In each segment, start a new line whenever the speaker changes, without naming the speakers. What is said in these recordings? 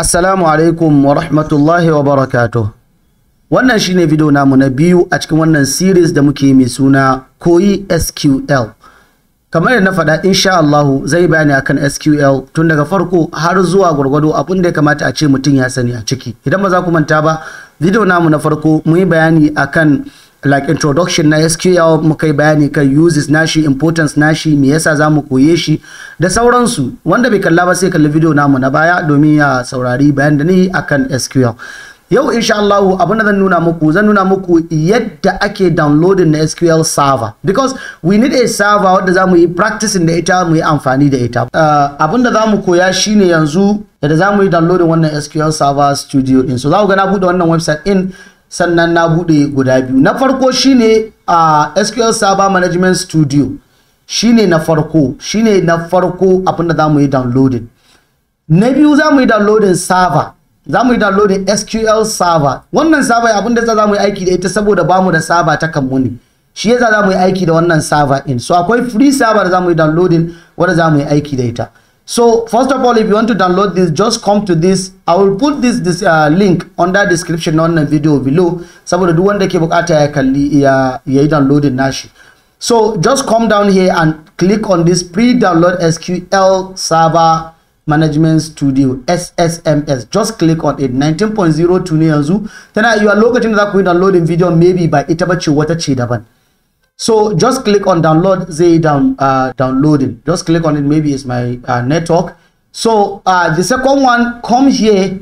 Assalamu alaikum wa rahmatullahi wa barakatuh. Wannan shine video namu na biyu a cikin wannan series da muke mai suna koyi SQL. Kamar da na faɗa insha Allah zai bayani akan SQL tun daga farko har zuwa gwargwado abin da ya kamata a ce mutum ya sani a ciki. Idan ba za ku manta ba, video namu na farko mun yi bayani akan like introduction na SQL muka yi bayani kan uses nashi importance nashi me yasa za koye shi da sauransu wanda bai kalla ba sai kalli video namu na baya domin ya saurari bayan da ni akan SQL yau insha Allah abin da zan nuna muku zan nuna muku yadda ake downloading na SQL server because we need a server wadda za mu yi practicing da ita mu yi amfani da ita uh, abin da za mu koya shine yanzu yadda za mu yi downloading wannan SQL server studio din so za ku ga na bude wannan website in sannan na bude guda biyu na farko shine a uh, SQL Server Management Studio shine na farko shine na farko abinda zamu yi downloading na biyu zamu yi downloading server zamu yi downloading SQL Server wannan server abinda zamu yi aiki da ita saboda bamu da server ta kamuni shi yasa zamu yi aiki da wannan server in so akwai free server da zamu yi downloading wanda zamu yi aiki da ita so first of all if you want to download this just come to this i will put this this uh, link that description on the video below saboda duk wanda ke can ya kalli ya download it now. so just come down here and click on this pre-download sql server management studio ssms just click on it 19.02 ne then you are lokacin that za ku yi downloading video maybe by ita water chidaban so just click on download Say down uh, downloading just click on it maybe it's my uh, network so uh, the second one comes here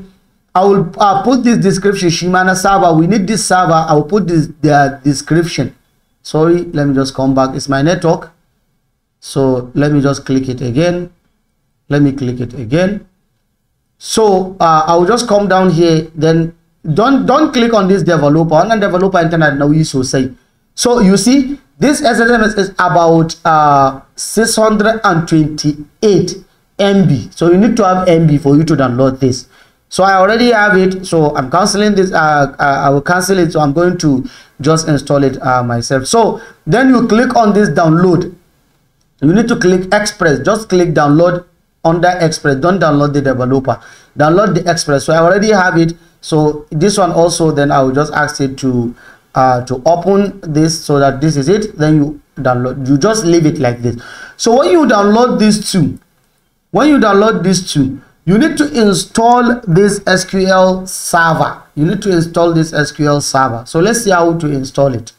i will uh, put this description shimana server we need this server i will put this the uh, description sorry let me just come back it's my network so let me just click it again let me click it again so uh, i will just come down here then don't don't click on this developer wannan developer internet now. nauyi say. so you see this SMS is about uh, 628 MB. So you need to have MB for you to download this. So I already have it. So I'm canceling this. Uh, uh, I will cancel it. So I'm going to just install it uh, myself. So then you click on this download. You need to click express. Just click download under express. Don't download the developer. Download the express. So I already have it. So this one also then I will just ask it to uh, to open this so that this is it then you download you just leave it like this so when you download these two when you download these two you need to install this sql server you need to install this sql server so let's see how to install it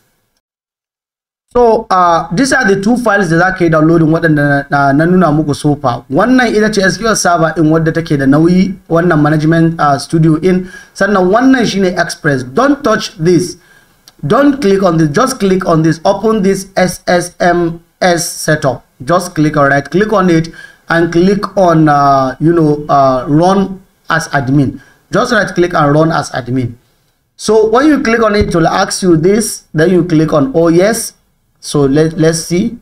so uh, these are the two files that I can downloading waɗanda na, na nuna muku sofa wannan ita ce sql server in wadda take da nauyi wannan management uh, studio in sannan wannan shine express don't touch this don't click on this just click on this open this ssms setup just click all right click on it and click on uh, you know uh, run as admin just right click and run as admin so when you click on it it will ask you this then you click on oh yes so let, let's see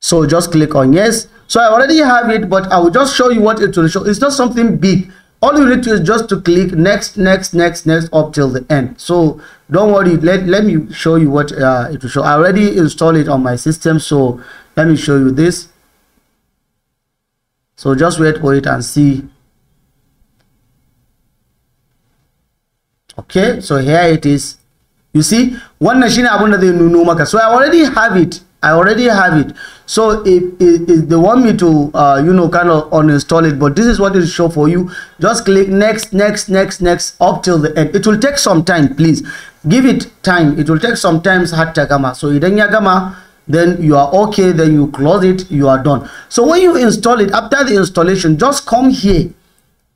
so just click on yes so i already have it but i will just show you what it will show it's not something big all you need to is just to click next next next next up till the end so don't worry let let me show you what uh, it will show i already installed it on my system so let me show you this so just wait for it and see okay so here it is you see one machine I da the nuno so i already have it I already have it. So if, if, if they want me to, uh, you know, kind of uninstall it, but this is what it show for you. Just click next, next, next, next up till the end. It will take some time, please. Give it time. It will take some time. Hatta gama. So idan ya gama, then you are okay. Then you close it. You are done. So when you install it, after the installation, just come here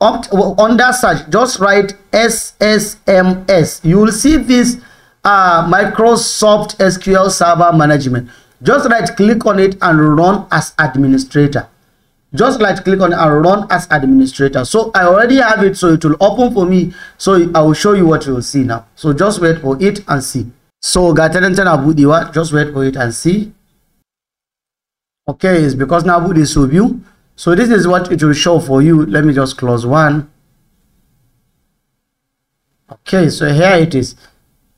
up well, under search. Just write SSMS. You will see this uh, Microsoft SQL Server Management just right click on it and run as administrator just right click on it and run as administrator so i already have it so it will open for me so i will show you what you will see now so just wait for it and see so gatanen just wait for it and see okay it's because now boot is view so this is what it will show for you let me just close one okay so here it is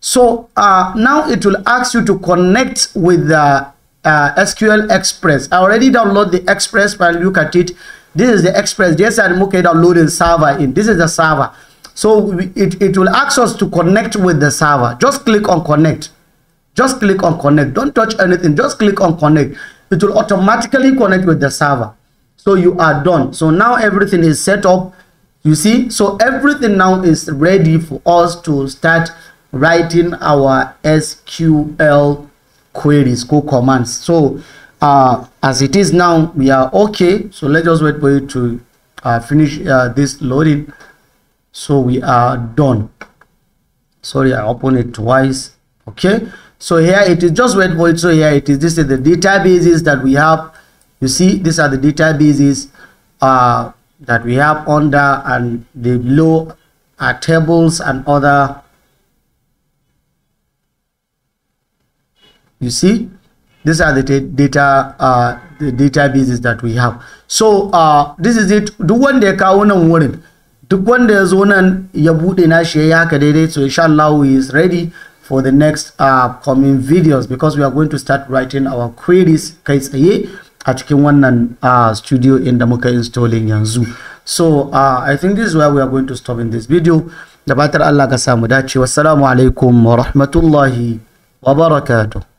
so uh, now it will ask you to connect with the uh, SQL Express. I already download the Express, you look at it. This is the Express. Yes, I'm okay downloading server in. This is the server. So it, it will ask us to connect with the server. Just click on connect. Just click on connect. Don't touch anything. Just click on connect. It will automatically connect with the server. So you are done. So now everything is set up. You see, so everything now is ready for us to start writing our SQL queries, go commands. So uh, as it is now, we are okay. So let's just wait for it to uh, finish uh, this loading. So we are done. Sorry, I opened it twice. Okay. So here it is just wait for it. So here it is. This is the databases that we have. You see, these are the databases uh, that we have under and the below are uh, tables and other You see, these are the data uh, the databases that we have. So uh, this is it. do one day kawo nan wurin, duk wanda ya zo nan ya buɗe nashi ya haka daidai. So insha Allah we is ready for the next uh, coming videos because we are going to start writing our queries kai tsaye a cikin wannan uh, studio inda muka installing yanzu. So uh, I think this is where we are going to stop in this video. Da fatar Allah ka samu dace. Wassalamu alaikum wa rahmatullahi wa barakatuh.